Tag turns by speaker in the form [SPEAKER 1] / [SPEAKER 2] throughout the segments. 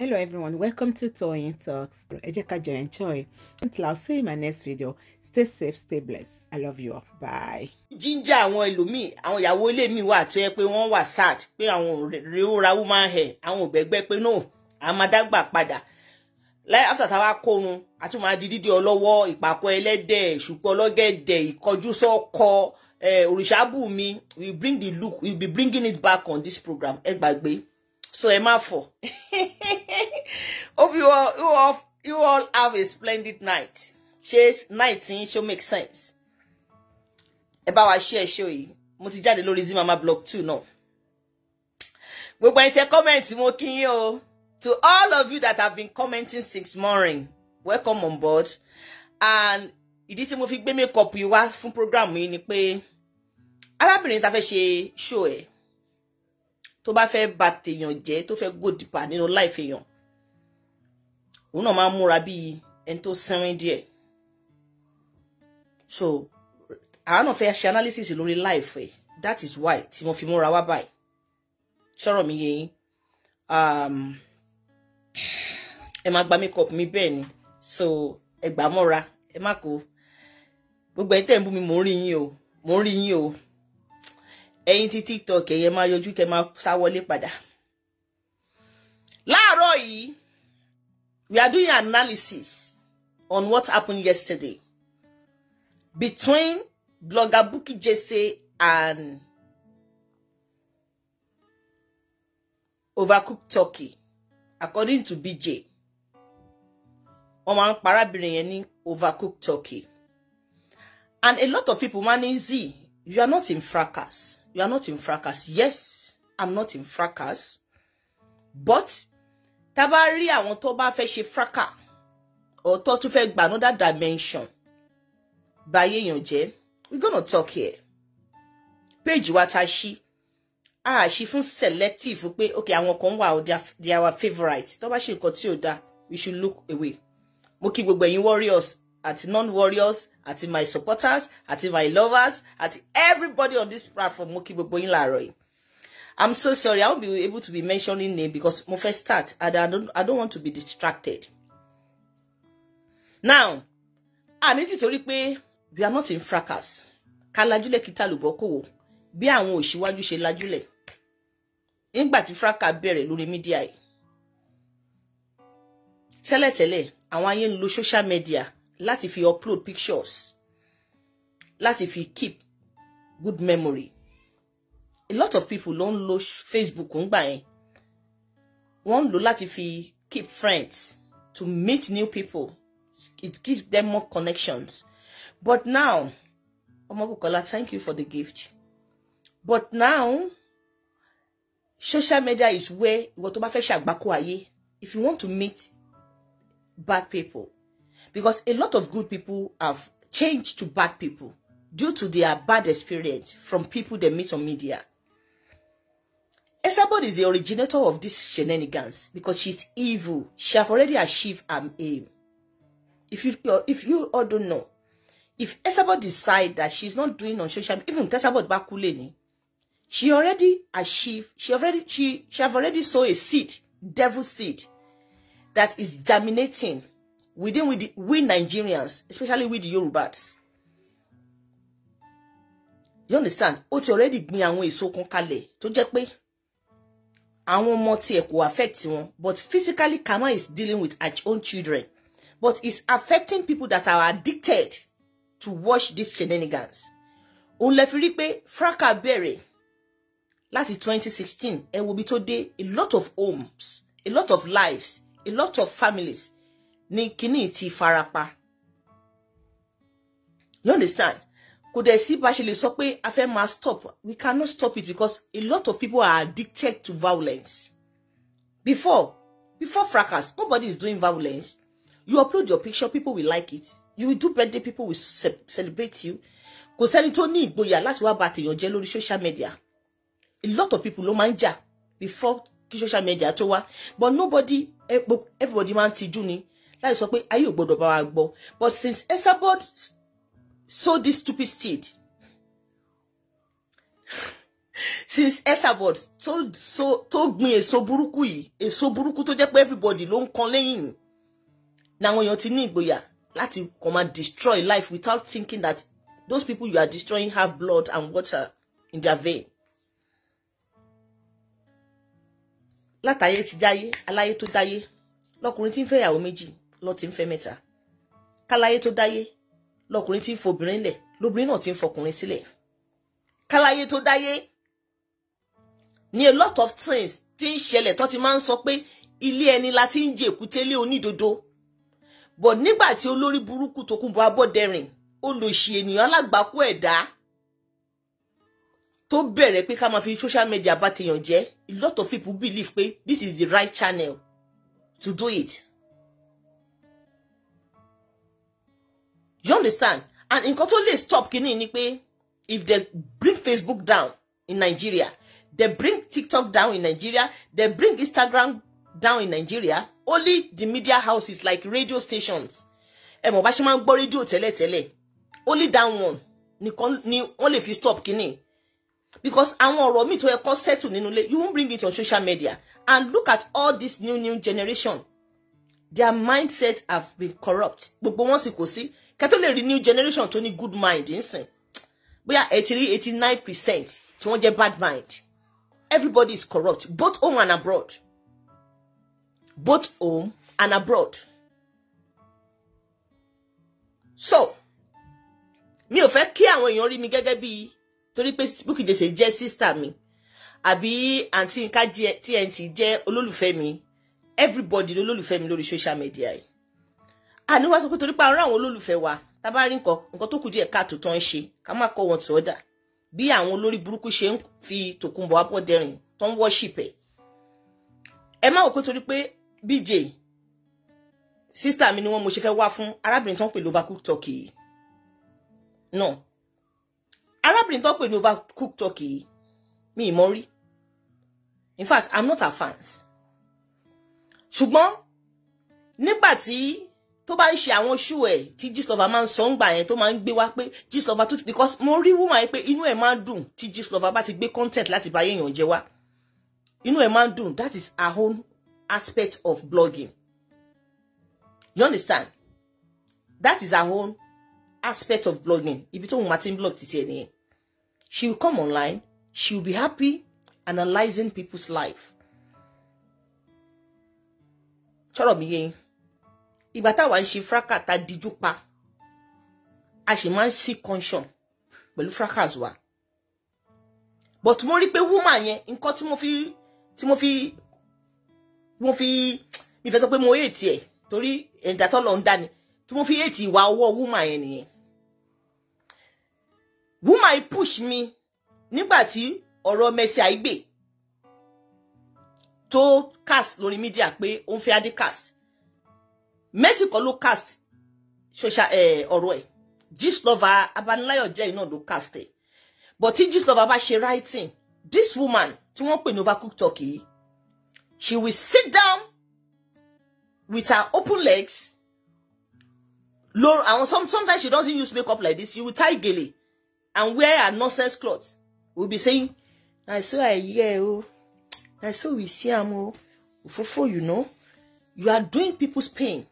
[SPEAKER 1] hello everyone welcome to Toyeen Talks ẹ jẹ́ ká enjoy until I see you in my next video stay safe stay blessed i love you all bye. jíjà àwọn ẹlòmíì àwọn ìyàwó ilé mi wà tó yẹ pé wọ́n wà sad pé àwọn rèéwòra woman hair àwọn ògbẹ́gbẹ́ pé no àmàdágbà padà láì after tá a wá kórun àti máa di dídí ọlọ́wọ́ ìpàkọ́ ẹlẹ́dẹ̀ ṣùpọ̀ ọlọ́gẹ̀dẹ̀ ìkọjú sọ́kọ òrìṣàbùnmi we bring the look we be bringing it back on this program ẹ gbàgbé so ẹ má fọ hope you all, you all you all have a splendid night ṣé night yín ṣó make sense ẹ bá wa share show yìí mo ti jáde lórí zimama block two náà gbogbo ẹ̀yin tẹ́ comment mo kí yín o to all of you that have been commenting since morning welcome on board and ìdí tí mo fi gbé makeup yìí wá fún program yìí ni pé arábìnrin ta fẹ́ ṣe show ẹ̀ tó bá fẹ́ bà tèèyàn jẹ́ tó fẹ́ gòdìpà nínú láìfẹ́ èèyàn òun náà máa ń múra bíi ẹni tó sinrin díẹ̀ so àwọn náà fẹ́ ṣe analysis lórí láìfẹ́ that is why tí mo fi múra wá báyìí sọ̀rọ̀ mi yẹn um, ẹ máa gba makeup mi bẹ́ẹ̀ ni so ẹ gbà mọ́ra ẹ má kó gbogbo ẹ̀ tẹ̀ ń bú mi mò ń rí yín o mò ń rí yín o ẹ̀yin tí tiktok ẹ̀yẹ máa yọjú kẹ́ máa sá wọlé padà. láàárọ̀ yìí we are doing analysis on what happened yesterday between blogger Bukky Jesse and overcooked turkey according to BJ wọ́n máa ń parábìnrin yẹn ní overcooked turkey and a lot of people máa ní z you are not in fracas You are not in fracas. Yes, I'm not in fracas. But tá bá rí àwọn tó bá fẹ́ ṣe or tó tún fẹ́ gba another dimension báyé èèyàn jẹ́ we gonna talk here page wa ta ṣí a ṣí fún selective pé ok àwọn kan wà ó they are our favourite tó bá ṣe nǹkan tí we should look away mo kí gbogbo ẹ̀yin warriors At non-warriors at my supporters at my lovers at everybody on this platform mo kí gbogbo yín i'm so sorry i won't be able to be mentioning name because mo fẹ́ start and i don't i don't want to be distracted now I àní to pé we are not in fracas Kalajule lajúlẹ̀ kí tàlùbọ̀ kò wò bí àwọn òṣìwájú ṣe lajúlẹ̀ nígbà media. Tele tele, lórí mídíà social media láti fi upload pictures láti fi keep good memory a lot of people ló ń lo Facebook ń gbà yẹn wọ́n ń lò láti fi keep friends to meet new people it gives them more connections but now Ọmọbùkọ́lá thank you for the gift but now social media is where ìwọ tó bá fẹ́ ṣàgbákò ayé if you want to meet bad people because a lot of good people have changed to bad people due to their bad experience from people they meet on media. Esabod is the originator of these shenanigans because she's evil. She have already achieved her aim. If you if you all don't know, if Esabod decide that she's not doing on social media, even Esabod Bakuleni, she already achieved, she already she she have already sow a seed, devil seed, that is germinating within we the, we Nigerians, especially with the Yorubas. You understand? Ó ti already gbin àwọn èso kan to tó jẹ́ pé àwọn ọmọ tiẹ̀ kò affect wọn but physically Kama is dealing with her own children but it's affecting people that are addicted to watch these shenanigans. Òun lè fi rí pé Franca bẹ̀rẹ̀ láti 2016 ẹ wo bí tó dé a lot of homes a lot of lives a lot of families ni kinní ti farapa you understand kò dẹ̀ sí bá ṣe lè sọ pé a fẹ́ máa stop we cannot stop it because a lot of people are addicted to violence before before fracas nobody is doing violence you upload your picture people will like it you will do birthday people will ce celebrate you kò sẹ́ni tó ní ìgboyà láti wá bà tèèyàn jẹ́ lórí social media a lot of people ló máa ń jà before kí social media tó wá but nobody eh, everybody máa ń tijú ni láti sọ pé ayé ò gbọdọ̀ bá wa gbọ́ but since Esabod sowed this stupid seed since Esabod tó gbin èso burúkú yìí èso burúkú tó jẹ́ pé everybody ló ń kan lẹ́yìn làwọn èèyàn ti ní ìgboyà láti kàn máa destroy life without thinking that those people you are destroying have blood and water in their vein. látàyé ti dáyé aláyé tó dáyé lọkùnrin tí ń fẹ́ ìyàwó méjì lọ ti ń fẹ́ mẹ́ta káláyé tó dáyé lọkùnrin ti ń fobìnrin lẹ̀ lóbìnrin náà ti ń fọkùnrin sílẹ̀ káláyé tó dáyé ní a lot of things ti ń ṣẹlẹ̀ tó ti máa ń sọ pé ilé ẹni la ti ń jẹ èkútélé onídodo bọ̀ nígbà tí olórí burúkú Tókunbọ̀ Abọ́dẹrìn olòṣì ènìyàn alágbàkú ẹ̀dá tó bẹ̀rẹ̀ pé ká máa fi social media bá tèèyàn jẹ́ a lot of people believe pé this is the right channel to do it. you understand and nǹkan tó lè stop kínní ni pé if they bring Facebook down in Nigeria they bring TikTok down in Nigeria they bring Instagram down in Nigeria only the media houses like radio stations ẹ mọ̀ bá ṣe máa ń gbọ́ rédíò tẹ́lẹ̀tẹ́lẹ̀ only that one nìkan ni wọ́n lè fi stop kínní because àwọn ọ̀rọ̀ míì tó yẹ kó settle nínú ilé you won't bring it on social media and look at all this new new generation their mindset have been corrupt gbogbo wọn sì kò sí kẹ́ tó lè rí new generation tó ní good mind nsìn bóyá eighty three eighty nine percent tí wọ́n jẹ́ bad mind everybody is corrupt both home and abroad both home and abroad so mi ò fẹ́ kí àwọn èèyàn rí mi gẹ́gẹ́ bí torí pé Bukky Jesse jẹ́ sísítà mi àbí àǹtí nǹka TNT jẹ́ olólùfẹ́ mi everybody lolólùfẹ́ mi lórí social media yìí àníwá sọ pé torí pa ara àwọn olólùfẹ́ wa tá a bá rí nǹkan nǹkan tó kù díẹ̀ káàtó tán ń ṣe ká má kọ́ wọn tó ọ̀dà bí àwọn olórí burúkú ṣe ń fi Tòkunbọ̀ Abọ́dẹrìn tó ń worship ẹ̀ ẹ má wò pé torí pé BJ sísítà mi ni wọ́n mo ṣe fẹ́ wá fún arábìnrin tó ń pè lóva cook turkey yìí no arábìnrin tó ń pè lóva cook turkey yìí mi ì mọ̀ rí in fact i'm not her fans ṣùgbọ́n nígbà tí tó bá ń ṣe àwọn ṣú ẹ̀ tí gistlover máa ń sọ ń gbà yẹn tó máa ń gbé wá pé gistlover tó because mo rí wúmọ̀ yẹn pé inú ẹ̀ máa ń dùn tí gistlover bá ti gbé content láti bá yéèyàn jẹ wá inú ẹ̀ máa ń dùn that is her own aspect of blogging you understand that is her own aspect of blogging ibi tó ń martin blog ti tiẹ̀ nìyẹn she will come online she will be happy analysing people's life. Chọ́rọ̀ mi yé ìgbà táwa ń ṣe fraka ta díjú pa a sì máa ń sí conscion pẹ̀lú fracas wa but mo rí pé woman yẹn nǹkan tí mo fi tí mo fi mo fi mi fẹ́ sọ pé mo hate ẹ̀ torí ẹ̀dá lọ ń dá tí mo fi hate ìwà ọwọ́ woman yẹn nìyẹn woman yìí push mi nígbà tí ọ̀rọ̀ Mercy Aigbe tó cast lórí media pé ó ń fẹ́ adé cast Mercy kọ́ ló cast social eh, ọ̀rọ̀ ẹ̀ Gistlover Abanilayo jẹ́ iná ló cast ẹ̀ but tí Gistlover bá ṣe writing this woman tí wọ́n pè ní overcooked turkey yìí she will sit down with her open legs lor and some, sometimes she doesn't use makeup like this she will tie gele and wear her nonsense cloth will be saying na so i hear o na so we see am o oh. ofofo you know you are doing people's pain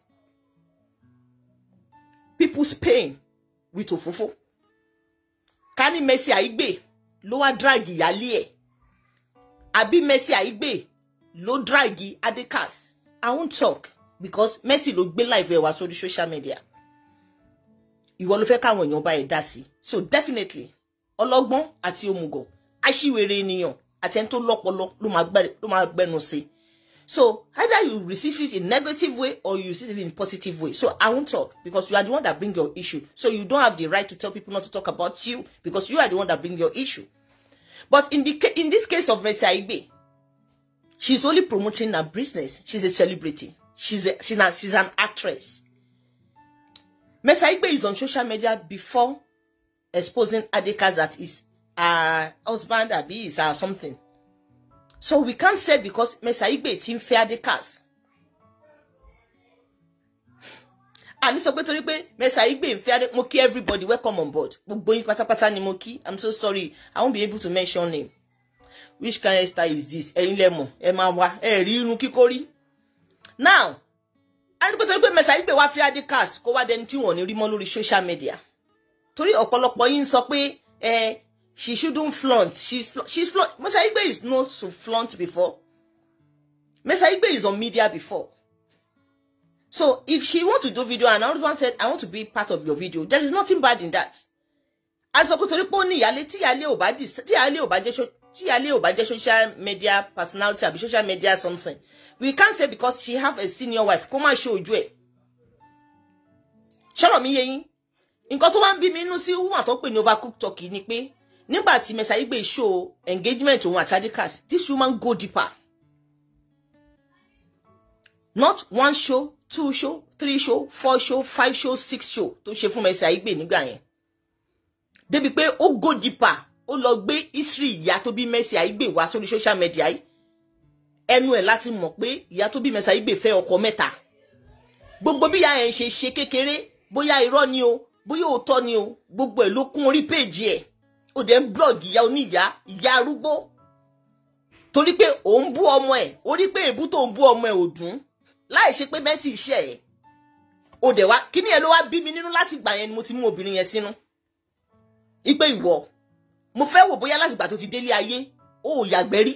[SPEAKER 1] people's pain with òfófó ká Mercy Aigbe ló wá drag ìyálé ẹ̀ àbí Mercy Aigbe ló drag Adekas I won't talk because Mercy ló gbé live ẹ̀ wá sórí social media ìwọ ló fẹ́ káwọn èèyàn bá ẹ̀ dá sí so definitely ọlọ́gbọ́n àti òmùgọ̀ aṣíwèrè ènìyàn àti ẹni tó lọ́pọlọ ló máa gbẹnu sí i So either you receive it in negative way or you receive it in positive way. So I won't talk because you are the one that bring your issue. So you don't have the right to tell people not to talk about you because you are the one that bring your issue. But in the in this case of Mercy Aigbe, she's only promoting her business. She's a celebrity. She's a, she's, a, she's an actress. Mercy Aigbe is on social media before exposing Adeka that is her husband, Abi is her something. So we can't say because Mesa Igbe ti ń fẹ́ Adekas. Àní sọ pé torí pé Mesa Igbe ń fẹ́ Adekas. Mo kí everybody welcome on board. Gbogbo yín pátápátá ni mo kí. I'm so sorry. I won't be able to mention name. Which kind of style is this? Ẹ̀yin lẹ mọ̀. Ẹ máa wá. Ẹ rí irun kíkórí. Now, àní pé torí pé Mesa Igbe wá fẹ́ Adekas kó wá dẹni tí wọ́n ní rí mọ́ lórí social media. Torí ọ̀pọ̀lọpọ̀ yín sọ pé ẹ she shouldn't flaunt she's she's flaunt Musa Igbe is not to flaunt before Musa Igbe is on media before so if she want to do video and another one said I want to be part of your video there is nothing bad in that And torí pé ó ní ti tí obadi ò bá dì tí ìyáálé ò bá jẹ́ social media personality àbí social media something we can't say because she have a senior wife kó má ṣe ojú ẹ̀ ṣọ́rọ̀ mi yé yín nǹkan tó wá ń bí mi inú sí wúwà tó pè ní overcooked ni pé nígbà tí Mercy Aigbe show engagement òun àti Adikas this woman go deeper not one show two show three show four show five show six show tó ṣe fún Mercy Aigbe nígbà yẹn débi pé ó go deeper ó lọ gbé history ìyá tó bí Mercy Aigbe wá sórí social media yìí ẹnu ẹ̀ láti mọ̀ pé ìyá tó bí Mercy Aigbe fẹ́ ọkọ mẹ́ta gbogbo bí ìyá yẹn ṣe ṣe kékeré bóyá irọ́ ni o bóyá òótọ́ ni o gbogbo ẹ̀ ló kún orí péèjì ẹ̀ ó ń blọ́ọ̀gì ìyá oníyá ìyá arúgbó torí pé ò ń bú ọmọ ẹ̀ ó rí pé èébú tó ń bú ọmọ ẹ̀ ò dùn láì ṣe pé mẹ́sì iṣẹ́ ẹ̀ ó dẹ̀ wá kíní ẹ̀ ló wá bí mi nínú láti gbà yẹn ni mo ti mú obìnrin yẹn sínú ipe ìwọ mo fẹ́ wò bóyá láti gbà tó ti délé ayé ó ò yàgbẹ́ rí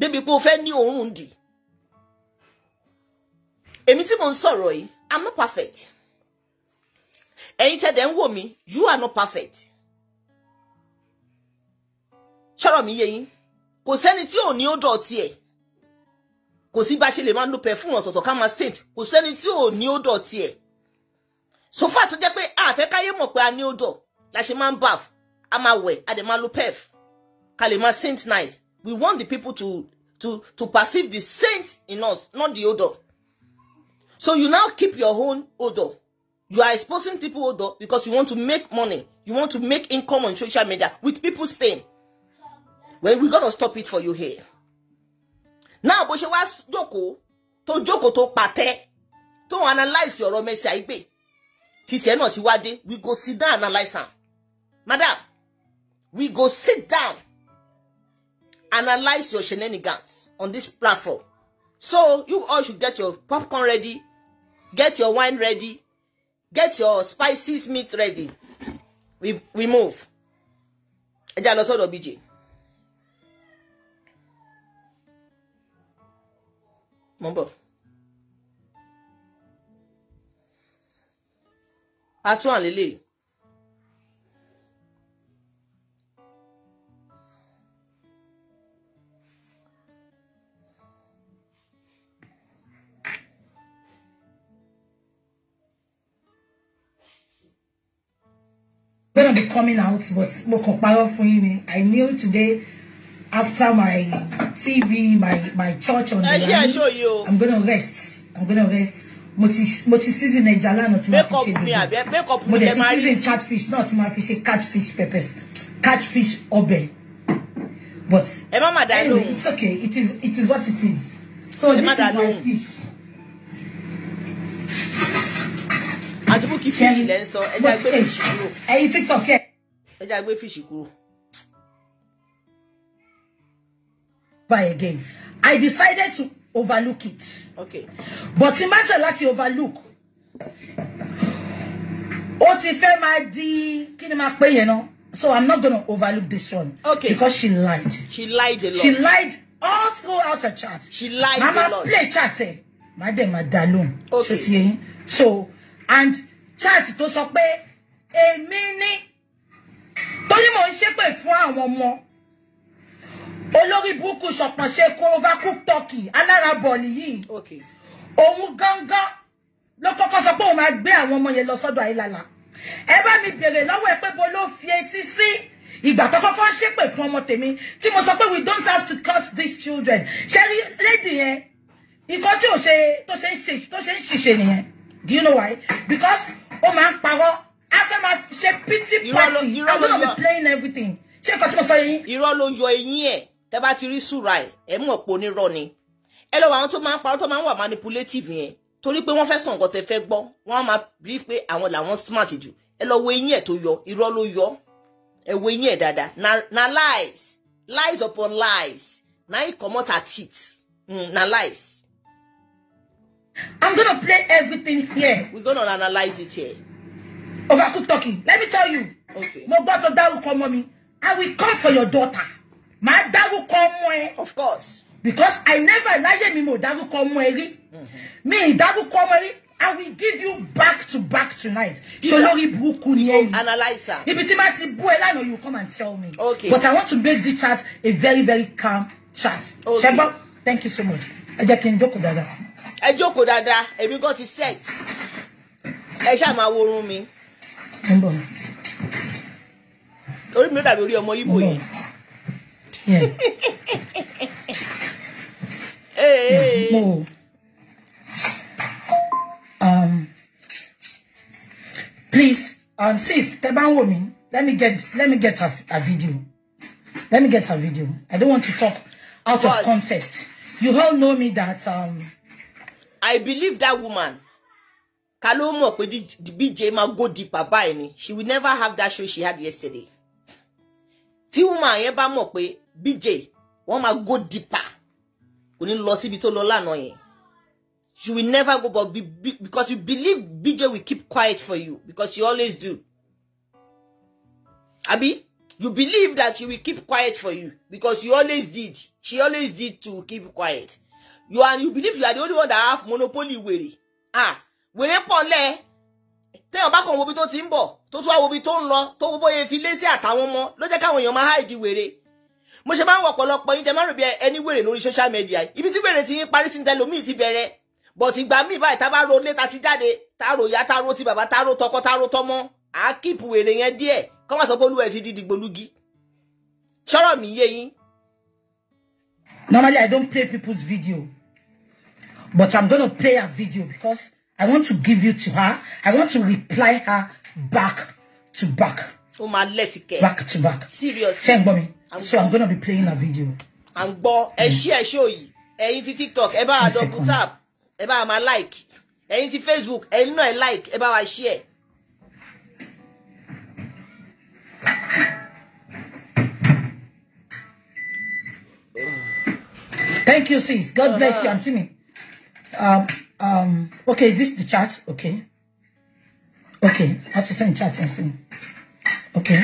[SPEAKER 1] débi pé o fẹ́ ní òórùn dì èmi tí mo ń sọ̀rọ̀ yìí i'm not perfect ẹ̀yin tẹ̀dẹ̀ ń wò mí you are not perfect ṣọ́rọ̀ mi yé yín kò sẹ́ni tí ò ní ó dọ̀tí ẹ̀ kò sí bá ṣe lè máa lo perfume ọ̀tọ̀ọ̀tọ̀ ká máa stain kò sẹ́ni tí ò ní ó dọ̀tí ẹ̀ so far tó jẹ́ pé àfẹ́ káyé mọ̀ pé a ní ó dọ̀ la ṣe máa ń baff a máa wẹ̀ a dẹ̀ máa lo perf ká lè máa saint nice we want the people to to to perceive the saint in us not the odor so you now keep your own odor you are exposing people odor because you want to make money you want to make income on social media with people's pain well we gotta stop it for you here now bó ṣe wá jókòó tó jókòó tó pàtẹ́ tó analyse ọ̀rọ̀ Mercy Aigbe títí ẹ̀ náà ti wá dé we go sit down analyse am madam we go sit down analyse your shenanigans on this platform so you all should get your popcorn ready get your wine ready get your spices meat ready we we move ẹ jẹ́ àlọ́ sọ́dọ̀ bíjì. mo ń bọ̀. atún àlélè. gonna be coming out but mo kàn parọ́ fún yín ni I knew today after my TV, my, my church on the line. show you. I'm going to rest. I'm going to rest. Mo ti season ẹja lánàá tí ma fi Make up me dẹ̀ ti season catfish not tí ma fi ṣe catfish peppers. Catfish ọbẹ̀. But anyway, it's okay. It is, it is what it is. So this is my fish. Àti bó kí fíṣì lẹ́ ń sọ, ẹja gbé fíṣì kúrò. Ẹyin TikTok ẹ. Ẹja gbé fíṣì buy again. I decided to overlook it. Okay. But imagine you overlook. So I'm not going to overlook this one. Okay. Because she lied. She lied a lot. She lied all throughout her chat. She lied Mama a lot. play chat eh. Madam Adalum. Okay. So and chat tó sọ a mini. ni torí mò ń ṣépè fún olórí burúkú ṣọ̀pọ̀ṣe korova cook turkey alára bọ̀ọ̀lì yìí òun gángan ló kọ́kọ́ sọ pé òun máa gbé àwọn ọmọ yẹn lọ sọ́dọ̀ àìlàlà ẹ bá mi bèrè lọ́wọ́ ẹ pé bo ló fi etí sí ìgbà tó kọ́kọ́ ń ṣépè fún ọmọ tèmi tí mo sọ pé we don't have to curse these children ṣe lady yẹn nǹkan tí ò ṣe tó ṣe ṣe tó ṣe ṣiṣẹ́ nìyẹn do you know why because ó máa parọ́ a fẹ́ máa pity party i'm gonna be playing everything ṣé nǹkan tí mo sọ yẹn. irọ́ ló yọ eyín ẹ̀. tẹ bá ti rí sùúrà ẹ ẹ mọ̀ pé onírọ́ ni ẹ lọ́wọ́ àwọn tó máa ń parọ́ tó máa ń wà manipulative yẹn torí pé wọ́n fẹ́ sọ nǹkan tẹ fẹ́ gbọ́ wọ́n máa bí pé àwọn làwọn smart jù ẹ lọ wo eyín ẹ̀ tó yọ irọ́ ló yọ ẹ wo eyín ẹ̀ dáadáa na na lies lies upon lies na e comot her teeth mm, na lies. I'm gonna play everything here. We gonna analyze it here. Overcooked talking. Let me tell you. Okay. Mo gbọ́dọ̀ dárúkọ ọmọ mi. I will come for your daughter máa dárúkọ ọmọ ẹ. of course. because I never láyé mi mo dárúkọ ọmọ ẹ rí mm-hmm. mi ìdárúkọ ọmọ rí I will give you back to back tonight. Ṣolórí burúkú ni ẹ. Analyzer. Ibi tí máa ti bú ẹ lánàá you come and tell me. Okay. But I want to make this chat a very very calm chat. Okay. Ṣẹ́gbọ́n thank you so much. Ẹ jẹ́ kí n jókòó dáadáa. Ẹ jókòó dáadáa, èmi gan ti set. Ẹ ṣáà máa worun mi. Ń mi. Orí mi ló dàbí orí ọmọ Ibo yìí. Yeah. hey. Um, please, um, sis, tẹ́ bá ń let me get, let me get a, a video. Let me get a video. I don't want to talk out of context. You all know me that um. I believe that woman. Ká ló mọ̀ the BJ máa go deeper by me? She would never have that show she had yesterday. Tí woman yẹn bá mọ̀ pé BJ wọ́n máa go deeper kò ní lọ síbi tó lọ lánàá yẹn She will never go but be, be, because you believe BJ will keep quiet for you because she always do abi you believe that she will keep quiet for you because you always did she always did to keep quiet you and you believe you are the only one that have monopoly wèrè ah wèrè pọ̀ lẹ́ẹ̀ téèyàn bá kàn wo ibi tó ti ń bọ̀ tó tún wá wo ibi tó ń lọ tó wo bóyá fi lé àtàwọn ọmọ ló jẹ́ káwọn èèyàn máa háìdí wèrè mo ṣe máa ń wọ ọ̀pọ̀lọpọ̀ yín tẹ máa ń rò bí ẹni social media ibi tí wèrè ti yín parí sí tẹlómìn ti bẹ̀rẹ̀ but ìgbà míì báyìí tá a ro ilé ta ti jáde tá ro ìyá tá ro ti bàbá tá ro tọkọ tá ro tọmọ à á kíìpù wèrè yẹn díẹ̀ kọ́ máa sọ pé ti di dìgbòlugi ṣọ́rọ̀ mi yé yín. Normally, I don't play people's video, but I'm going to play her video because I want to give you to her. I want to reply her back to back. Oh, my, let's get back to back. Seriously. Thank you so I'm gonna be playing a video. à ń gbọ́ ẹ hmm. ṣí ẹ ṣó yìí ẹ̀yin ti tiktok ẹ bá wa double tap ẹ bá wa máa like ẹ̀yin ti facebook ẹ̀yin náà ẹ like ẹ bá wa ṣí thank you sis god uh-huh. bless you aunty me um, um, okay is this the chat okay okay how to send chat and sing okay.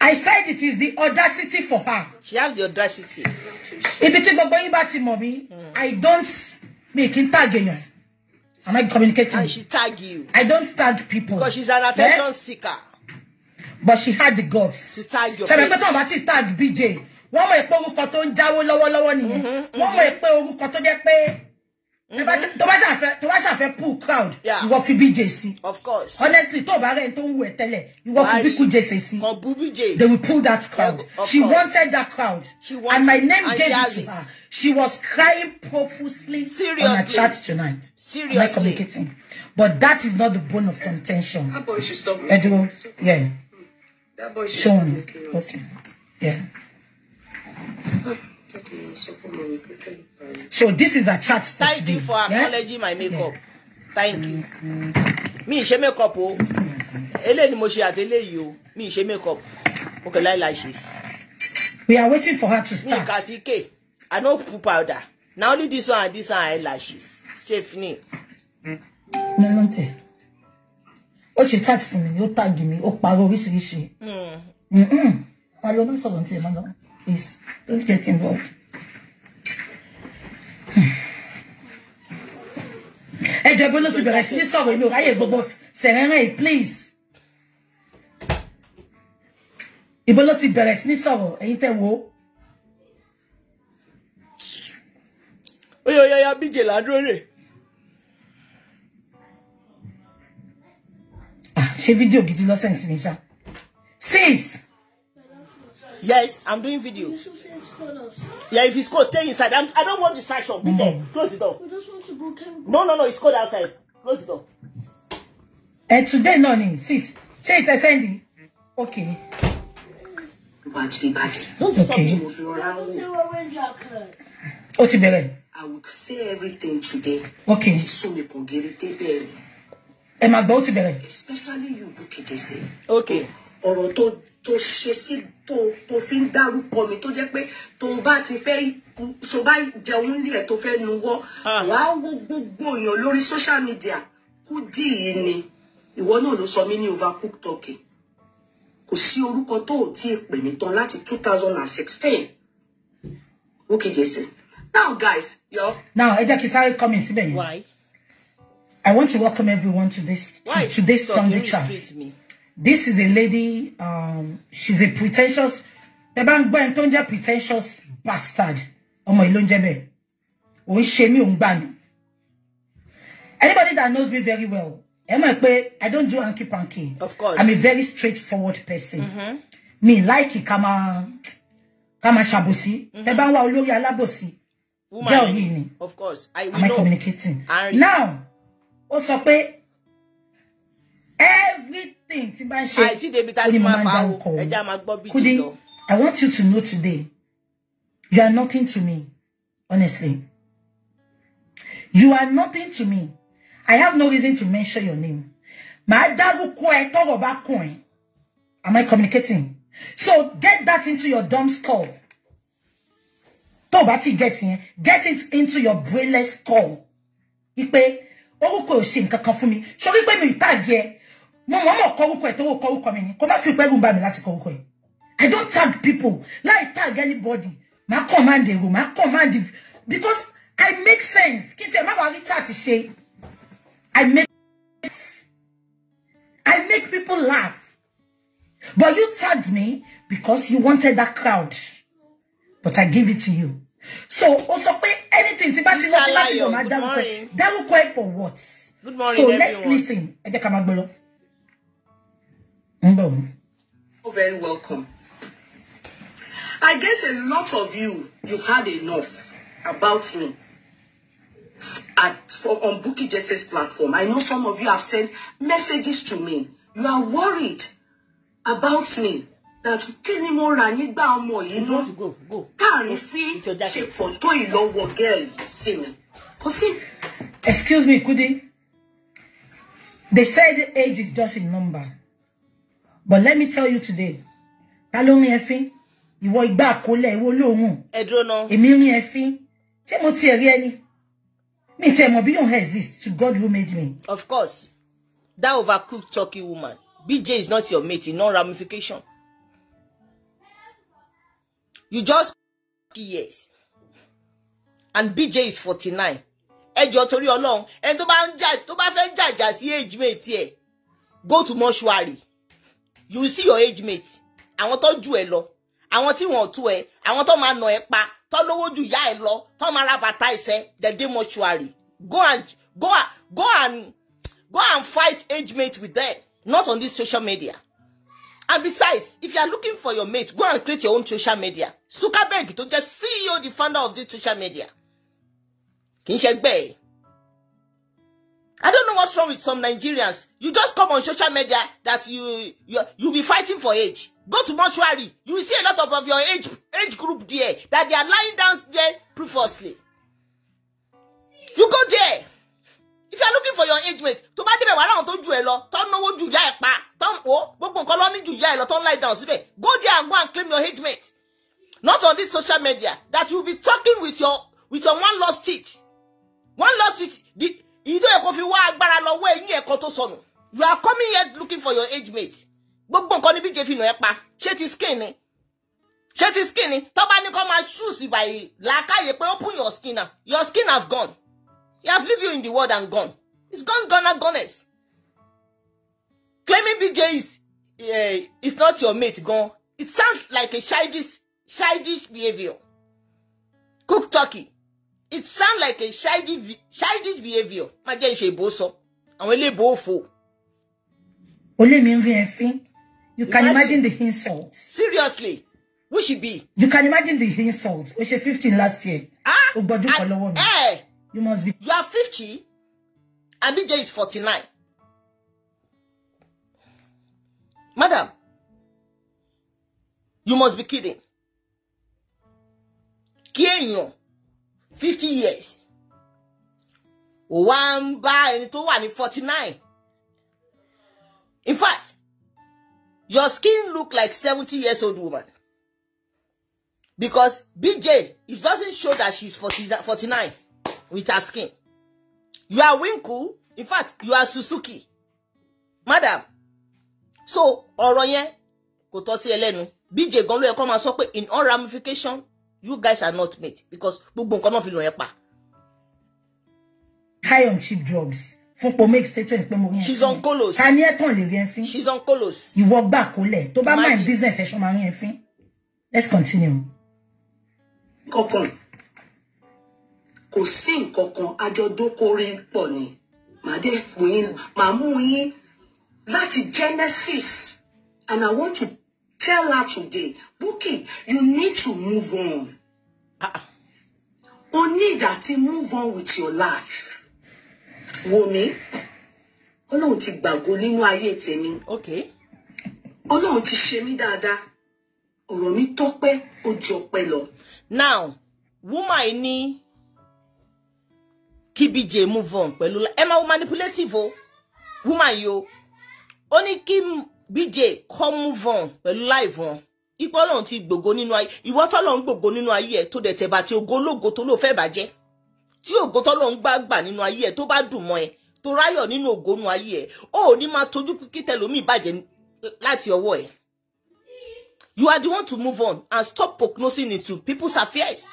[SPEAKER 1] I said it is the audacity for her. She has the audacity. If tí gbogbo yín bá ti hmm. I don't make kì tag èèyàn. Am I communicating? And she tag you. I don't tag people. Because she's an attention yeah? seeker. But she had the guts. To tag your page. Ṣé pé tó bá tag BJ? Wọ́n mọ̀ pé orúkọ tó ń jáwó lọ́wọ́lọ́wọ́ nìyẹn. Mm-hmm, wọ́n mọ̀ mm-hmm. pé orúkọ tó bá ṣàfẹ́ tó bá ṣàfẹ́ pull crowd ìwọ fi BJ sí. of course. honestly tó bá rẹ̀ tó ń wù ẹ́ tẹ́lẹ̀ ìwọ fi bí BJ they will pull that crowd. Yeah, she course. wanted that crowd. she wanted and my name gave it to her. she was crying profusely Seriously. on her chat tonight. seriously am I communicating? but that is not the bone of contention. that boy should stop making. Edo yeah. that boy should stop making. okay yeah. So this is a chat. Thank today. you for acknowledging yeah? my makeup. Yeah. Thank you. Me she makeup o. Eléyìí ni mo she àti eléyìí o. Mi ṣe makeup. Okay, like lashes. We are waiting for her to start. Mi katike. I no poo powder. Now only this one and this one eyelashes. Stephanie. Nante. Mm. Ó ṣe chat for? mi, ó tag mi, ó parọ́ oríṣiríṣi. Mm. Mm. Ma lọ ma sọ won ti ma lọ. Please, don't get involved. ẹ jẹ́ bó ló sì bẹ̀rẹ̀ sí ní sọ̀rọ̀ inú ráyè gbogbo sẹ̀rẹ̀rẹ̀ please. ìbò ló ti bẹ̀rẹ̀ sí ní ẹ̀yin tẹ́ wo. oyeyaya bíjè Ah, she fídíò gidi lọ́sẹ̀ ní sinmi ṣá. six. Yes, I'm doing video. Yeah, if it's cold, stay inside. I'm, I don't want distraction. Peter, mm. close the door. We just want to go camping. No, no, no, it's cold outside. Close the door. And today morning, sis, say the sending. Okay. Bajini, bajini. Don't okay. Ó ti bẹ̀rẹ̀. I will say everything today. Okay. Ẹ máa gbọ́ ó ti bẹ̀rẹ̀. Especially you, Bukidese. Okay. okay. ọ̀rọ̀ tó ṣe sí tó fi ń dárúkọ mi tó jẹ́ pé tó bá ti fẹ́ tó bá jẹun nílẹ̀ tó fẹ́ nuwọ́ ah. wàá wo gbogbo èèyàn lórí social media Kúdí yìí ni ìwọ náà ló sọ mí ní overcook turkey kò sí orúkọ tó ò tí ì pè mí tán láti two thousand and sixteen Wúkì Jesse now guys yo. now ẹ jẹ́ kí sáré kọ́ mi síbẹ̀ yẹn. why. I want to welcome everyone to this to, to this Sunday chat. This is a lady, um, she's a pretentious, the bank boy tó ń pretentious bastard. Oh my ló Oh jẹ́ bẹ́ẹ̀. Ó ń Anybody that knows me very well, I don't do hanky panky. Of course. I'm a very straightforward person. Me mm-hmm. like it come ká máa ṣàbòsí. Mm-hmm. Tẹ́ wá olórí alábòsí. Girl, Of course. I, Am I communicating? Now, osope every I want you to know today you are nothing to me honestly you are nothing to me I have no reason to mention your name My dad will tọ́rọ̀ Talk about coin. am I communicating so get that into your dumb skull Talk about it getting. get it into your brainless skull ipe orúkọ ò ṣe nǹkan kan me. mi sórí pé I don't tag people láì tag anybody my command èrò my command because I make sense kí n ṣe má chat I make I make people laugh but you tagged me because you wanted that crowd but I give it to you so also pay anything tí bá ti lọ sí láti lọ máa dárúkọ dárúkọ ẹ for what so everyone. let's listen Mm. Oh, very welcome. I guess a lot of you, you've had enough about me at, for, on Buki Jesse's platform. I know some of you have sent messages to me. You are worried about me. That kí ni mo rà nígbà ọmọ yìí ná? Káàrin fi ṣe fọ́tò ìlọ́wọ́ gẹ́ẹ̀lì sí mi. Kò sí. Excuse me, Kudi. They said age is just a number. But let me tell you today. Ta ló rin ẹ̀fín? Ìwọ ìgbà àkólẹ̀ ìwọ olóhùn. Ẹ dúró náà. Èmi rin ẹ̀fín. Ṣé mo ti ẹ̀rí ẹni? Mi tẹ̀ mọ̀ bí yóò exist to God who made me. Of course, that overcooked turkey woman, BJ is not your mate, e no ramification. You just years and BJ is 49. Ẹ jọ̀ọ́ torí Ọlọ́run, ẹni tó bá ń jà tó bá fẹ́ jàjà age mate ẹ̀ go to mortuary you will see your age mate àwọn tó jù ẹ lọ àwọn tí wọn tú ẹ àwọn tó máa nà ẹ pa tó lówó jù yá ẹ lọ tó máa ra bàtà ẹsẹ dẹdẹ mọṣúárì go and go and go and go and fight age mate with them not on this social media and besides if you are looking for your mate go and create your own social media to just see you, the founder of this social media kì í ṣe gbẹ I don't know what's wrong with some Nigerians. You just come on social media that you you you be fighting for age. Go to mortuary. You will see a lot of, of your age age group there that they are lying down there previously. You go there. If you are looking for your age mate, tó bá débẹ̀ wà láwọn tó ju ẹ lọ, tó náwó ju ìyá pa, tó oh. gbogbo nǹkan lọ ní ju ìyá ẹ lie down síbẹ̀. Go there and go and claim your age mate. Not on this social media that you be talking with your with your one lost teeth. One lost teeth. The, èyí tó yẹ kó fi wá agbára lọ́wọ́ ẹ̀yìn ẹ̀kan tó sọnù you are coming here looking for your age mate gbogbo nǹkan níbi jẹ́ fìnà ẹ pa ṣé ti skin ni ṣé ti skin ni tó bá ní kó máa choose by làákàyè pé open your skin na your skin have gone he have leave you in the world and gone it's gone gone and gones claiming BJ is uh, is not your mate gan it sounds like a childish childish behaviour cook turkey it sound like a childish, childish behaviour má jẹ́ ìṣe ìbò sọ àwọn ilé ìbò òfò. olè mi ń rí ẹfín you can imagine the insult. seriously who she be. you can imagine the insult o ṣe fifteen last year. ah o gbọdún kan ah, lọ́wọ́ mi. Eh. you must be. you are fifty and BJ is forty-nine. madam you must be kidding. kí èèyàn fifty years ò wá ń bá ẹni tó wà ní forty nine in fact your skin look like seventy years old woman because BJ it doesn't show that she's forty nine with her skin you are winkle. in fact you are Suzuki madam so ọ̀rọ̀ yẹn kò tọ́ sí ẹlẹ́nu BJ gan ló yẹ kó máa sọ pé in all ramifications you guys are not made because gbogbo nǹkan náà fi lọ yẹn pa. high on cheap drugs fún po make statement pé mo rí ẹ she's on colos ta ni ẹ tàn lè rí ẹ fín she's on colos ìwọ gbà kólẹ tó bá mind business ẹ ṣọ máa rí ẹ fín let's continue. kọkàn kò sí nǹkan kan àjọdókòrin pọ̀ ni màdé fún yín màá mú yín láti genesis and i want to Tell her today, Bukky, you need to move on. Ah, ah. O need that you move on with your life. Wòmí, Ọlọ́run ti gbàgbọ́ nínú ayé tèmi. Okay. Ọlọ́run ti shemi dada. dáadáa. Ọ̀rọ̀ mi tọ́pẹ́, ó ju Now, woman yìí ní move on pẹ̀lú ẹ máa wo manipulative o, woman yo. o, Kim. BJ come move on pẹ̀lú live wọn ipò ọlọ́run ti gbògo nínú ayé ìwọ tọ́lọ̀ ń gbògo nínú ayé ẹ̀ tó dẹ̀tẹ̀ bá ti ògo ológo tó ló fẹ́ bàjẹ́ tí ògo tọ́lọ̀ ń gbà gbà nínú ayé ẹ̀ tó bá dùn mọ́ ẹ tó ráyọ̀ nínú ògo nínú ayé ẹ̀ ó ní máa tójú kíkí tẹlómi ìbàjẹ́ láti ọwọ́ ẹ̀. You are the one to move on and stop prognosing into people's affairs.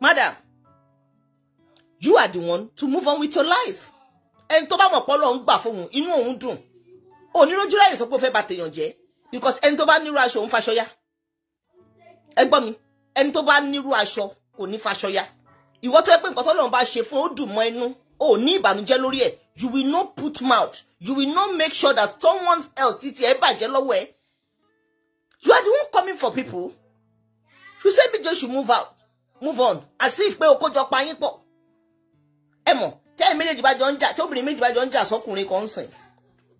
[SPEAKER 1] Madam, you are the one to move on with your life. ẹni tó bá mọ̀ pọ́ lọ́ọ́ ń gbà fóun inú òun dùn onírójú ráyè sọ pé ó fẹ́ bà tèèyàn jẹ́ because ẹni tó bá nírú aṣọ òun faṣọ ya ẹ gbọ́ mi ẹni tó bá nírú aṣọ kò ní faṣọ ya ìwọ tó yẹ pé nǹkan tọ́lọ́run bá ṣe fún ó dùn mọ́ inú ó ní ìbànújẹ́ lórí ẹ̀ you will not put mouth you will not make sure that someone else ti tiẹ̀ bàjẹ́ lọ́wọ́ ẹ̀ you are the one coming for people you say big joe should move out move on as if pé o kó jọ pa yín pọ̀ ẹ mọ̀ tẹ́ ẹ̀ méjèèjì bá jọ ń jà tí obìnrin méjèèjì bá jọ ń jà sọkùnrin kan ń sìn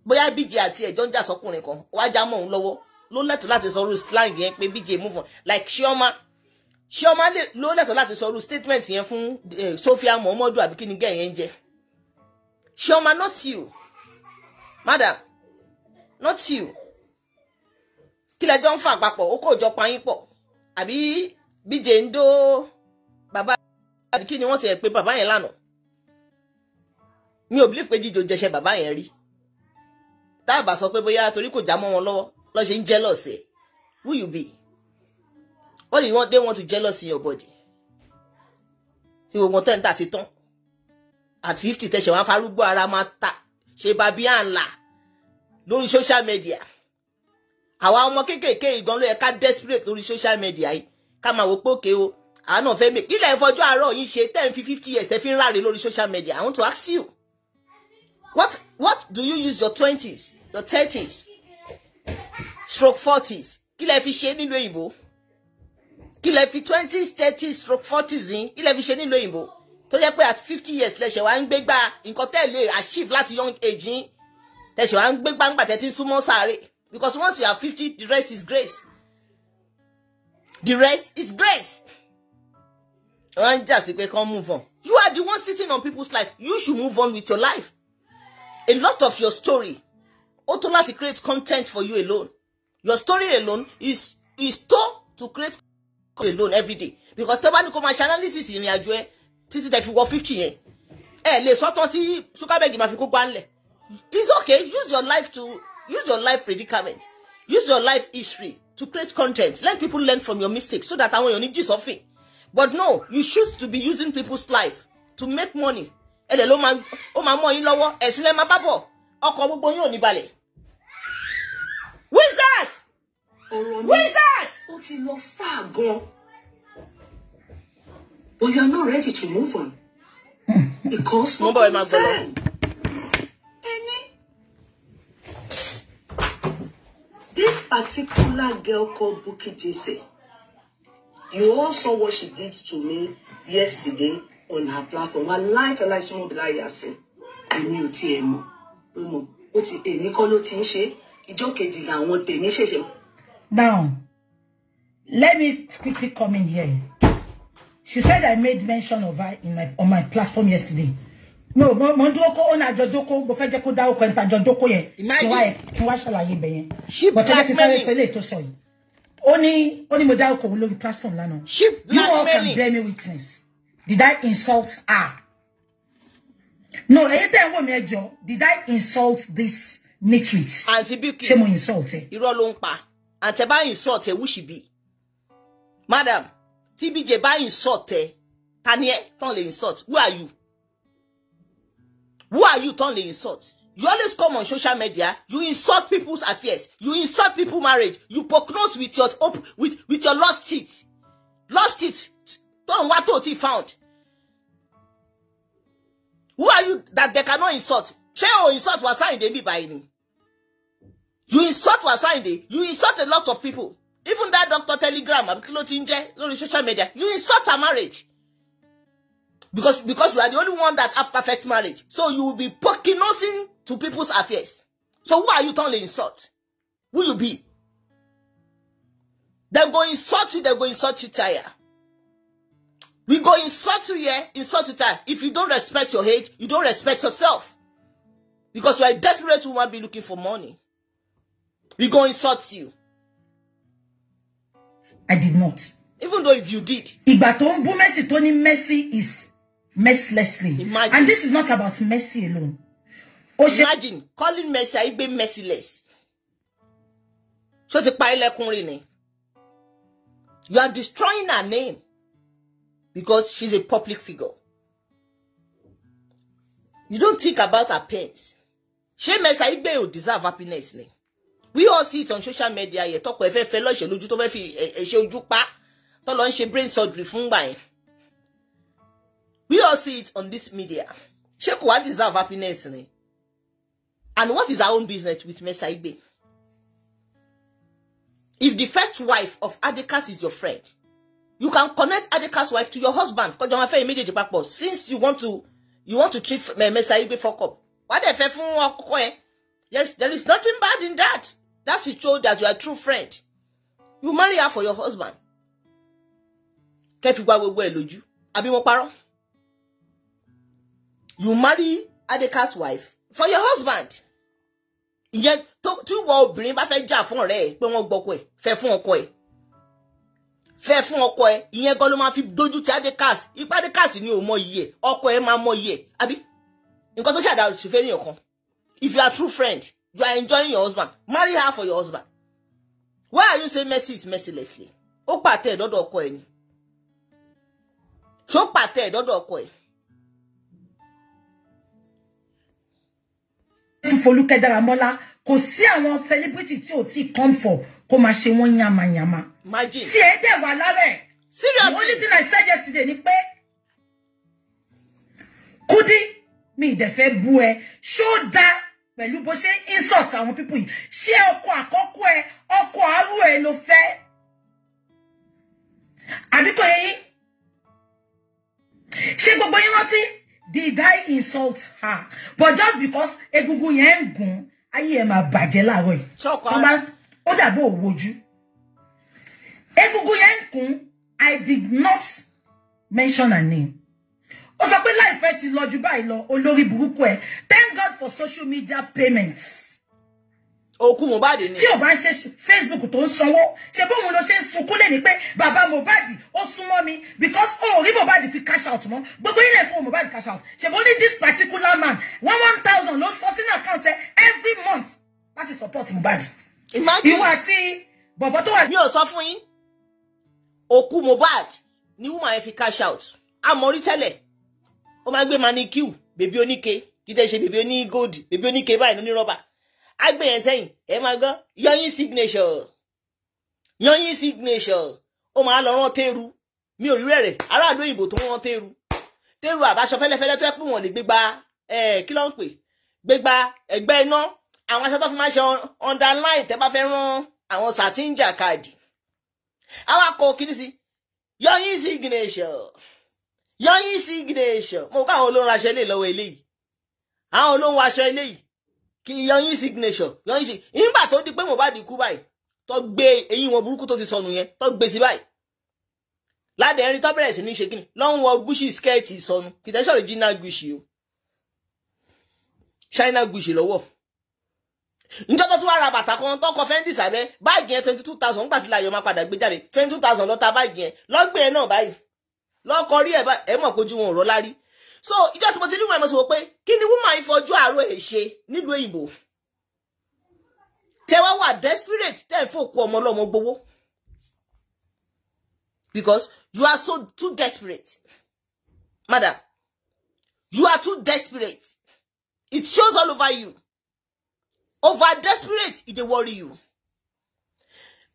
[SPEAKER 1] bóyá bíjì àti ẹ̀jọ́ ń jà sọ́kùnrin kan wá já mọ́ òun lọ́wọ́ ló lẹ́tọ̀ọ́ láti sọ irú slang yẹn pé bíjì move on like Chioma Chioma ló lẹ́tọ̀ọ́ láti sọ irú statement yẹn fún eh, Sophia Muhammadu àbí kí ni gẹ́ yẹn ń jẹ Chioma not you madam not you kí lẹjọ ń fà papọ̀ ó kò jọ payín pọ̀ àbí bíjì ń dó bàbá àbí ni wọ́n ti ẹ̀ pé bàbá yẹn lánàá mi ò believe pé jíjò jẹṣẹ bàbá yẹn rí táàbà sọ pé bóyá torí kò já mọ́ wọn lọ́wọ́ lọ́ ń jealous ẹ̀ who you be what do you want they want to jealous in your body tí gbogbo tẹ́ ń ti tán at fifty tẹ̀sẹ̀ wọn afárúgbó ara máa ta ṣe bàbí à ń là lórí social media àwa ọmọ kéékèèké ìgbọ́n ló yẹ ká desperate lórí social media yìí ká máa wò pé òkè o àánú ọ̀fẹ́ mi kí lẹ́yìn àárọ̀ yìí ṣe ten fi fifty years tẹ́ fi ń ráre lórí social media I want to ask you. What what do you use your twenties, your thirties, stroke forties? Kí lẹ fi ṣe nílùú òyìnbó? Kí lẹ fi twenties, thirties, stroke forties in? Kí lẹ fi ṣe nílùú òyìnbó? Tó jẹ́ pé at fifty years lẹ̀ṣẹ̀ wá ń gbégbá nǹkan tẹ́ achieve láti young age yín. Tẹ̀ṣẹ̀ wá ń gbégbá ńgbà tẹ́ ti ń súnmọ́ sáré. Because once you are fifty, the rest is grace. The rest is grace. Wọ́n ń jà sí pé kán move on. You are the one sitting on people's life. You should move on with your life a lot of your story ó tó láti create content for you alone your story alone is is to to create content alone every day because tẹ́ bá ní kó máa ṣe analysis ìrìn àjò ẹ títí tẹ́ fi wọ fifty yẹn ẹ lè sọ́tàn tí sukabegi máa fi kó gbá it's okay use your life to use your life predicament use your life history to create content let people learn from your mistakes so that àwọn èèyàn ní jí sọ́fìn but no you choose to be using people's life to make money ẹ̀dẹ̀ ló mọ́ yín lọ́wọ́ ọkọ̀ gbogbo yín ò ní balẹ̀. that? who is ó ti lọ fà gan. but you are not ready to move on. Hmm. because no concern. ẹni. this particular girl called Bukky Jesse you all saw what she did to me yesterday on her platform wa láì tẹ́lá ìsúnmọ́ bí láyé àṣẹ èmi ò tiẹ̀ mọ̀ pé mo ó ti èmi kọ́ ló ti ń ṣe ìjọ now let me quickly come in here she said i made mention of her in my on my platform yesterday no mo on dúró kó ó ní àjọjókó mo fẹ́ jẹ́ kó dá òkè níta àjọjókó yẹn kí wá kí wá ṣàlàyé ibẹ̀ yẹn bọ̀tẹ́lẹ̀ ti sáré sẹ́lẹ̀ tó sọ yìí platform lánàá you all can bear me witness Did I insult her? No, ẹ̀yin tẹ́ ẹ wò mí Did I insult this nitwit? Àǹtí Bíkí. Ṣé mo insult ẹ? Irọ́ ló ń pa. Àǹtẹ̀ bá insult ẹ, who she be? Madam, tí BJ bá insult ẹ, ta ni insult? Who are you? Who are you tán insult? You always come on social media, you insult people's affairs, you insult people's marriage, you prognose with your op with, with your lost teeth. Lost teeth tó ń wá tó ti found who are you that they cannot insult ṣé o insult Wasiu bí báyìí ni you insult Wasiu you insult a lot of people even that doctor telegram àbí kí ló ti ń jẹ́ lórí social media you insult her marriage because because you are the only one that have perfect marriage so you will be poking nothing to people's affairs so who are you turn to insult who you be dem go insult you dem go insult you tire We go insult you here, insult you time. If you don't respect your age, you don't respect yourself. Because you're a desperate woman be looking for money. We go insult you. I did not. Even though if you did. Ìgbà tó ń bú Mercy tó Mercy is mercilessly. Imagine. And this is not about Mercy alone. O Imagine she... calling Mercy Aigbe merciless. Ṣó ti pa ilẹ̀kùn rìn You are destroying her name because she's a public figure. You don't think about her pains. Ṣé Mẹ́sà Igbe ò deserve happiness ni? We all see it on social media You talk with fẹ́ fẹ́ lọ́ọ̀ṣẹ̀ lójú tó fẹ́ fi ẹ̀ṣẹ̀ ojú pa tó lọ brain surgery fún gbà We all see it on this media. She kò deserve happiness ni? And what is her own business with Mẹ́sà Igbe? If the first wife of Adekas is your friend, you can connect Adeka's wife to your husband kọjọ máa fẹ́ yín méjèèjì papọ̀ since you want to you want to treat me, eh, Mesa Igbe fuck up wàá dẹ̀ fun fún ọkọ Yes, there is nothing bad in that That's should show that you are a true friend you marry her for your husband kẹfì gba gbogbo ẹ lójú àbí mo paro. you marry Adeka's wife for your husband ìyẹn to two world bring. bá fẹ́ jà fún ọ̀rẹ́ ẹ pé wọ́n gbọ́kọ ẹ fun fún ọkọ fẹ́ fún ọkọ ẹ ìyẹn gan ló máa fi dojú ti adekas ipa adekas ni ò mọ iye ọkọ ẹ máa mọ iye àbí nǹkan tó ṣàdá ṣe fẹ́ níyàn if you are true friend you are enjoying your husband marry her for your husband why are you saying mercy is mercilessly ó pàtẹ ìdọ́dọ̀ ọkọ ẹ ni ṣó pàtẹ ìdọ́dọ̀ ọkọ ẹ. fífolúkẹ́ Dáramọ́lá kò sí àwọn celebrity tí ò tí come kó máa ṣe wọ́n yamayama. tí ẹ dẹ̀ wà lábẹ́. seriously only thing I said yesterday ni pé Kudi mi ìdẹ̀fẹ́ bú ẹ Show da pẹ̀lú bó ṣe insult àwọn people yìí ṣé ọkọ àkọ́kọ́ ẹ ọkọ àárò ẹ ló fẹ́ àbíkọ yẹn ṣé gbogbo yín rántí did I insult her but just because egungun yẹn ń gùn ayé ẹ máa bàjẹ́ láàárọ̀ yìí ó dàbí òwojú egungun yẹn ń kún i did not mention her name ó sọ pé láìfẹ́ ti lọ ju báyìí lọ olórí burúkú ẹ̀ thank God for social media payments. òkú Mohbad ni. tí o bá ń ṣe Facebook tó ń sanwó ṣe bóun ló ṣe ń sunkún lé ní pé bàbá Mohbad ó súnmọ́ mi because o ò rí Mohbad fi cash out mọ́ gbogbo ilé fún Mohbad cash out ṣe bó ní this particular man one one thousand ló fọ́ sínú àkáǹtì every month láti support Mohbad ìwọ àti bọ̀bọ̀ tó wà. mi ò sọ fún yín òkú Mohbad ni wúmọ̀ ẹ fi cash out àmọ́rí tẹ́lẹ̀ ó máa ń gbé manikiu bèbí oníke jíjẹ́ ṣe bèbí oní gold bèbí oníke báyìí ní rọ́bà agbẹ̀yẹn sẹ́yìn ẹ máa gbọ́ yọyín signature yọyín signature ó máa lọ rán téru mi ò rí rẹ̀ aráàlú òyìnbó tó rán téru téru àbáṣọ fẹ́lẹ́fẹ́lẹ́ tó ẹ̀ pọ̀ wọ́n lè gbégbá ẹ̀ kí ló ń pè gbégbá ẹ̀gbẹ́ iná àwọn aṣọ tó fi máa ṣe underline tẹ́ bá fẹ́ rán àwọn sàtíńjà káàdì àwọn akọ kìíní sí yọyín signature yọyín signature mo kọ àwọn olóhùn aṣọ eléyìí lọ́wọ́ eléyìí àwọn olóhùn aṣọ eléyìí kí yọyín signature yọyín sí nígbà tó di pé Mohbad kú báyìí tó gbé eyín wọn burúkú tó ti sọnù yẹn tó gbé sí báyìí ládẹ̀ẹ́rin tó bẹ̀rẹ̀ sí ní ṣe kíni lọ́hùn wọ Gucci skẹ́ẹ̀tì ìsọnù kìtẹ́sọ̀rọ̀ jìnnà Gucci o China Gucci lọ́wọ́ njọ́ tó tún wá ra bàtà kan tó kọ fẹ́ndì sábẹ́ báàgì yẹn twenty two thousand nígbà tí láyọ̀ máa padà gbé jáde twenty two thousand lọ́ta báàgì yẹn lọ́gbẹ̀ ẹ̀ náà báyìí lọ́kọ rí ẹ̀ ẹ̀ mọ̀ pójú wọn ò rọ́ lárí so ìjọ́ tí mo ti rí wọn ẹ̀ mo sọ pé kí ni woman ìfọjú àárọ̀ ẹ̀ ṣe nílùú òyìnbó tẹ wá wà desperate tẹ́ ẹ̀ fòkú ọmọ ọlọ́mọ gbowó because you are so too desperate madam you are too desperate it shows all over you over desperate e dey worry you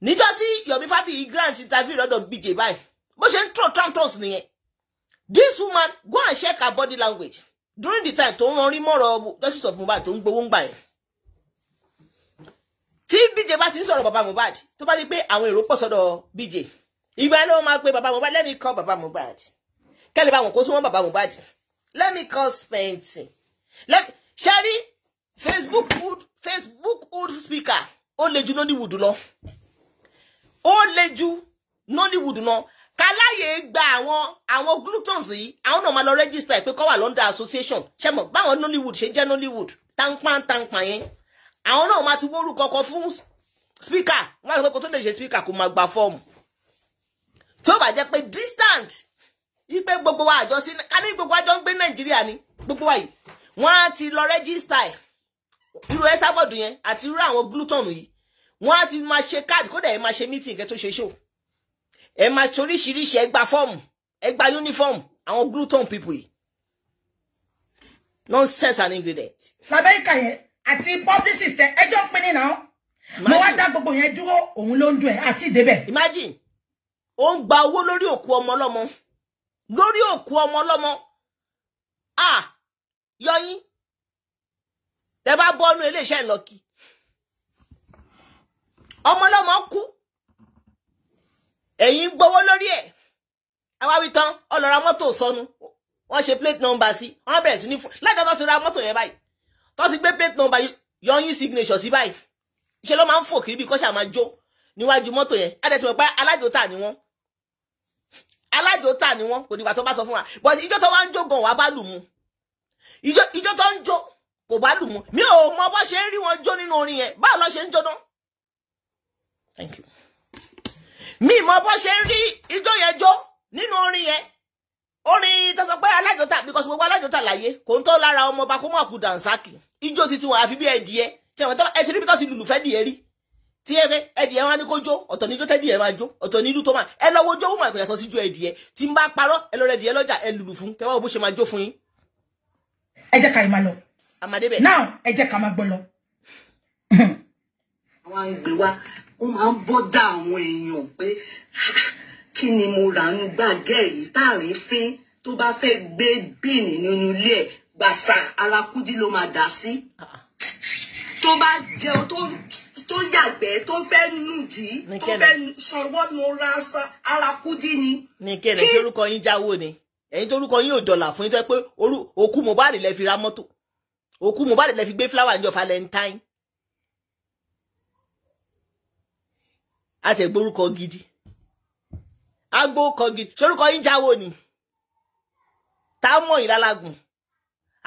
[SPEAKER 1] níjọ́ tí Yomi Fabiyi grant interview lọ́dọ̀ BJ Bye. bó ṣe ń tọ̀ tantos nìyẹn this woman go and check her body language during the time to ń rọrí mọ́rọ̀ justice of Mohbad tó ń gbowó ń gbà yẹn BJ bá ti ń sọ̀rọ̀ bàbá Mohbad tó bá rí pé àwọn èrò pọ̀ BJ ìgbà ẹ̀ ló máa pe bàbá Mohbad let me call bàbá Mohbad kẹ́lẹ́ bá wọn kó súnmọ́ bàbá Mohbad let me call Let Sherry facebook hood facebook hood speaker ó le ju nollywood lọ ó le ju nollywood lọ kàláyé gba àwọn àwọn glutons yìí àwọn náà máa lọ register ẹ pé kọ́ wà london association ṣe mọ̀ báwọn nollywood ṣe jẹ́ nollywood tanpan tanpan yẹn àwọn náà máa ti wórúkọ kan fún speaker wọn àti pé kò tó lè ṣe speaker kò máa gba fọ́ọ̀mù tí ó bá jẹ́ pé distant ipe gbogbo wa àjọ sí ká ní gbogbo àjọ ń gbé nàìjíríà ni gbogbo wa yìí wọ́n á ti lọ register ẹ̀ irú ẹ sábọ̀dù yẹn àti irú àwọn gluton yìí wọ́n á ti máa ṣe káàdì kódà ẹ máa ṣe mítìn kẹ́ tó ṣe ṣó ẹ máa toríṣiríṣi ẹ gba fọ́ọ̀mù ẹ àwọn gluton people yìí nonsense and ingredient. labẹ́ ìka yẹn àti publicist ẹjọ́ pin ní náà mo wá dá gbogbo yẹn dúró òun ló ń dún ẹ àti ìdébẹ̀. imagine ó ń gba owó lórí òkú ọmọ ọlọ́mọ lórí òkú ọmọ ọlọ́mọ ah yọyín tẹ bá bọ́nú iléeṣẹ́ ìlọ́kì ọmọlọ́mọ kú ẹ̀yin gbowó lórí ẹ̀ àwáwí tán ọlọ́ra mọ́tò sọnù wọ́n ṣe plate number sí wọ́n bẹ̀rẹ̀ sí ní fún láti ọ̀tọ̀ ti ra mọ́tò yẹn báyìí tó ti gbé plate number yọyún signature sí báyìí ṣe ló máa ń fò kiri bí kọ́ṣà máa jó níwájú mọ́tò yẹn adẹ̀sìmọ̀ pé alájòótà ni wọ́n alájòótà ni wọ́n kò nígbà tó bá sọ fún wa but ìjọ tó wá ń jó gan wàá bá lù mu ìjọ tó ń jó kò bá lù mọ́ mi ò mọ bó ṣe ń rí wọn jó nínú orin yẹn báwo ló ṣe ń jóná thank you mi mọ bó ṣe ń rí ijó yẹn jó nínú orin yẹn orin tó pé alájọta because gbogbo alájọta láyé kò ń tọ́ lára ọmọ ọba kó mọ̀ kú dànsákì ijó ti tiwọn àfi bí ẹdìẹ tí wọn ẹ ti rí ti lùlù fẹ́ dìé rí tí ẹ fẹ́ ẹdìẹ wọn á ní kó jó ọ̀tọ̀ ní ijó tẹ́dìẹ máa jó ọ̀tọ̀ ní ìlú tó máa ẹ lọ́wọ́ jó wùmọ̀ ìkọ̀yàtọ̀ sí ju ẹdìẹ tí ń bá parọ́ ẹ lọ́rọ̀ ẹdìẹ lọ́jà ẹ lùlù fún kẹwàá bó ṣe máa jó fún yín. ẹ jẹ́ ká ì máa lọ now ẹ jẹ́ ká máa gbọ́ lọ. àwọn àgbẹ̀ wa ó máa ń bọ́dà àwọn èèyàn pé ah, kí ni mo rà ń gbàgẹ́ yìí táàrin fín tó bá fẹ́ gbé bíìnì nínú ilé ẹ̀ gbàsà alákúdí ló máa dà sí. tó bá jẹun tó tó yàgbẹ́ tó fẹ́ nùdí tó fẹ́ sanwó nu alákúdí ni. ní kẹrẹ tí orúkọ yín ni ẹ̀yin tó orúkọ yín ò dọ̀là fún yín tó yẹ pé òkú fi ra mọ́tò òkú Mohbad lè fi gbé fúláwà níjọ́ valentine àtẹ̀gbórúkọ gidi agbórúkọ gidi sorúkọ yín jáwó ni tá a mọ̀ yín lálágùn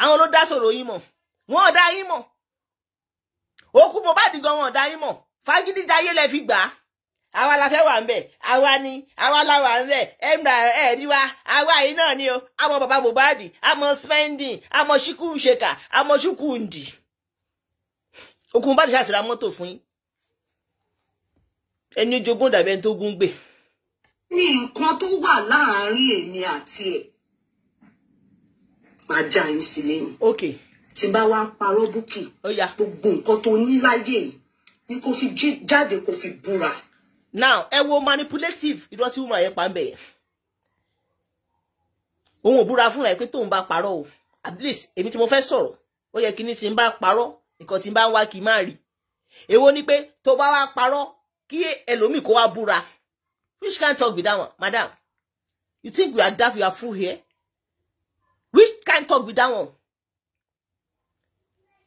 [SPEAKER 1] àwọn ló dá sọ̀rọ̀ yín mọ̀ wọn ò dá yín mọ̀ òkú Mohbad gan wọn ò dá yín mọ̀ fagídíjayé lè fi gbà àwa la fẹ́ wà ń bẹ̀ àwa ni àwa la wà ń bẹ̀ ẹ̀mdà ẹ̀rí àwa yìí náà ni o àmọ́ bàbá Mohbad àmọ́ spending àmọ́ ṣíkú ṣèkà àmọ́ ṣíkú ǹdì okùn bá ti ṣàtìrà mọ́tò fún yín ẹni jogún dàbí ẹni tó gún gbè. ní nǹkan tó wà láàárín èmi àti ẹ máa já yín sí lẹ́yìn. tí bá wá ń parọ́ búkì. gbogbo nǹkan tó ní láyé yìí ni kò fi jáde kò fi búra now ẹ wo manipulative irọ́ tí woman yẹn pa ń bẹ̀ yẹn òun ò búra fúnra ẹ pé tóun bá parọ́ o at least èmi tí mo fẹ́ sọ̀rọ̀ ó yẹ kí ni tí n bá parọ́ nǹkan tí n bá ń wá kì í má rí èwo ni pé tó bá wá parọ́ kí ẹlòmíì kó wá búra which kind talk be that one madam you think we are daft you are full here which kind talk be that one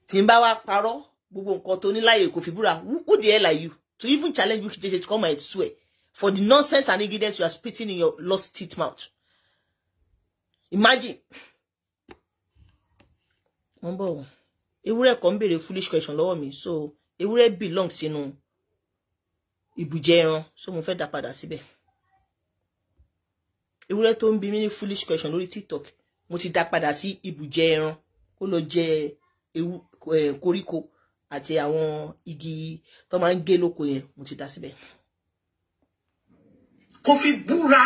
[SPEAKER 1] tí n bá wá parọ́ gbogbo nǹkan tó ní láyè kò fi búra who the hell are you to even challenge Wiki JJ to come and swear for the nonsense and ingredients you are spitting in your lost teeth mouth. Imagine. Mumbo, ewúrẹ́ kan béèrè foolish question lọ́wọ́ mi so ewúrẹ́ belong sínú ìbùjẹ ẹran so mo fẹ́ dá padà síbẹ̀. Ewúrẹ́ tó ń bi mí ní foolish question lórí TikTok mo ti dá padà sí ìbùjẹ ẹran kó lọ jẹ eh, koríko àti àwọn igi tó máa ń gé lóko yẹn mo ti dá síbẹ̀. kò fi búra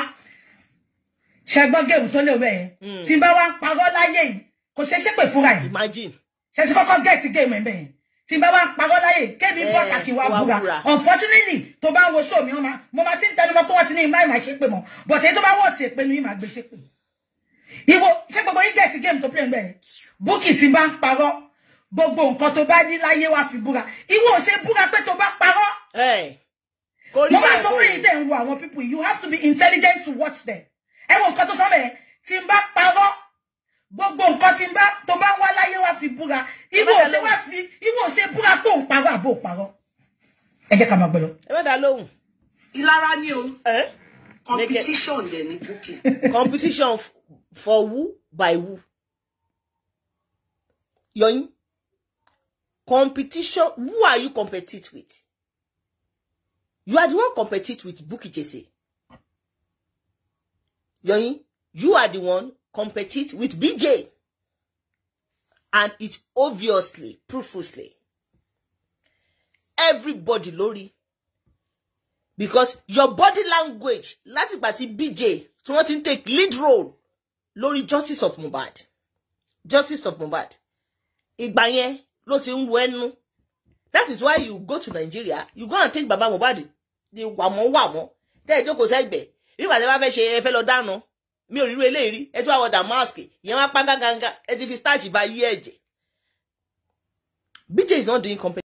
[SPEAKER 1] ṣẹgbọn géèmù tó lè hmm. wẹ yẹn tí n bá wá ń parọ́ láyé yìí kò ṣeé ṣépè fúnra yìí imagine ṣe ti eh, kọ́kọ́ gẹẹtì géèmù ẹ bẹyẹn tí n bá wá ń parọ́ láyé kébì bọ kàkì wá búra unfortunately tó bá ń wo show mi mo máa ti ń tẹnumọ́ pé wọn ti ní ìmá ìmá ṣépè mọ́ but èyí tó bá wọ ọtí èpè ni ìmá gbé ṣépè ìwọ ṣé gbogbo yín gẹẹtì géèmù tó pè gbogbo nǹkan tó bá ní láyé wá fi búra ìwọ ò ṣe búra pé tó bá parọ́. mo bá sọ fún yìí tẹ̀ ń people you have to be intelligent to watch them. ẹ wo nǹkan tó sọ bẹ́ẹ̀ tí n bá parọ́ gbogbo nǹkan tí n bá tó bá wá láyé wá fi búra ìwọ ò ṣe wá fi ìwọ ò ṣe búra pé òun parọ́ àbò parọ́. ẹ jẹ́ ká máa gbẹ lọ. ẹ bá dá lóhùn. ni o competition dẹ̀ ni Bukky. competition for who by who. yọyín. Competition, who are you compete with? You are the one compete with Bukky Jesse. Yoyin, you are the one compete with BJ. And it obviously, prooflessly, everybody lori, Because your body language, láti ìgbà BJ, tí wọ́n ti take lead role lori justice of Mohbad. Justice of Mohbad. Ìgbà yẹn ló ti ń ru ẹnu that is why you go to Nigeria you go and take baba Mohbad di wàmọ́ wàmọ́ tẹ́ ẹ jókòó sẹ́gbẹ̀ẹ́ bí bàtẹ́ bá fẹ́ ṣe ẹ fẹ́ lọ dáná mi ò ríru eléyìí rí ẹ tún àwọ̀ damask ìyẹn wá pán gángangá ẹ ti fi starch bá yí ẹ̀jẹ̀ BJ is not doing company.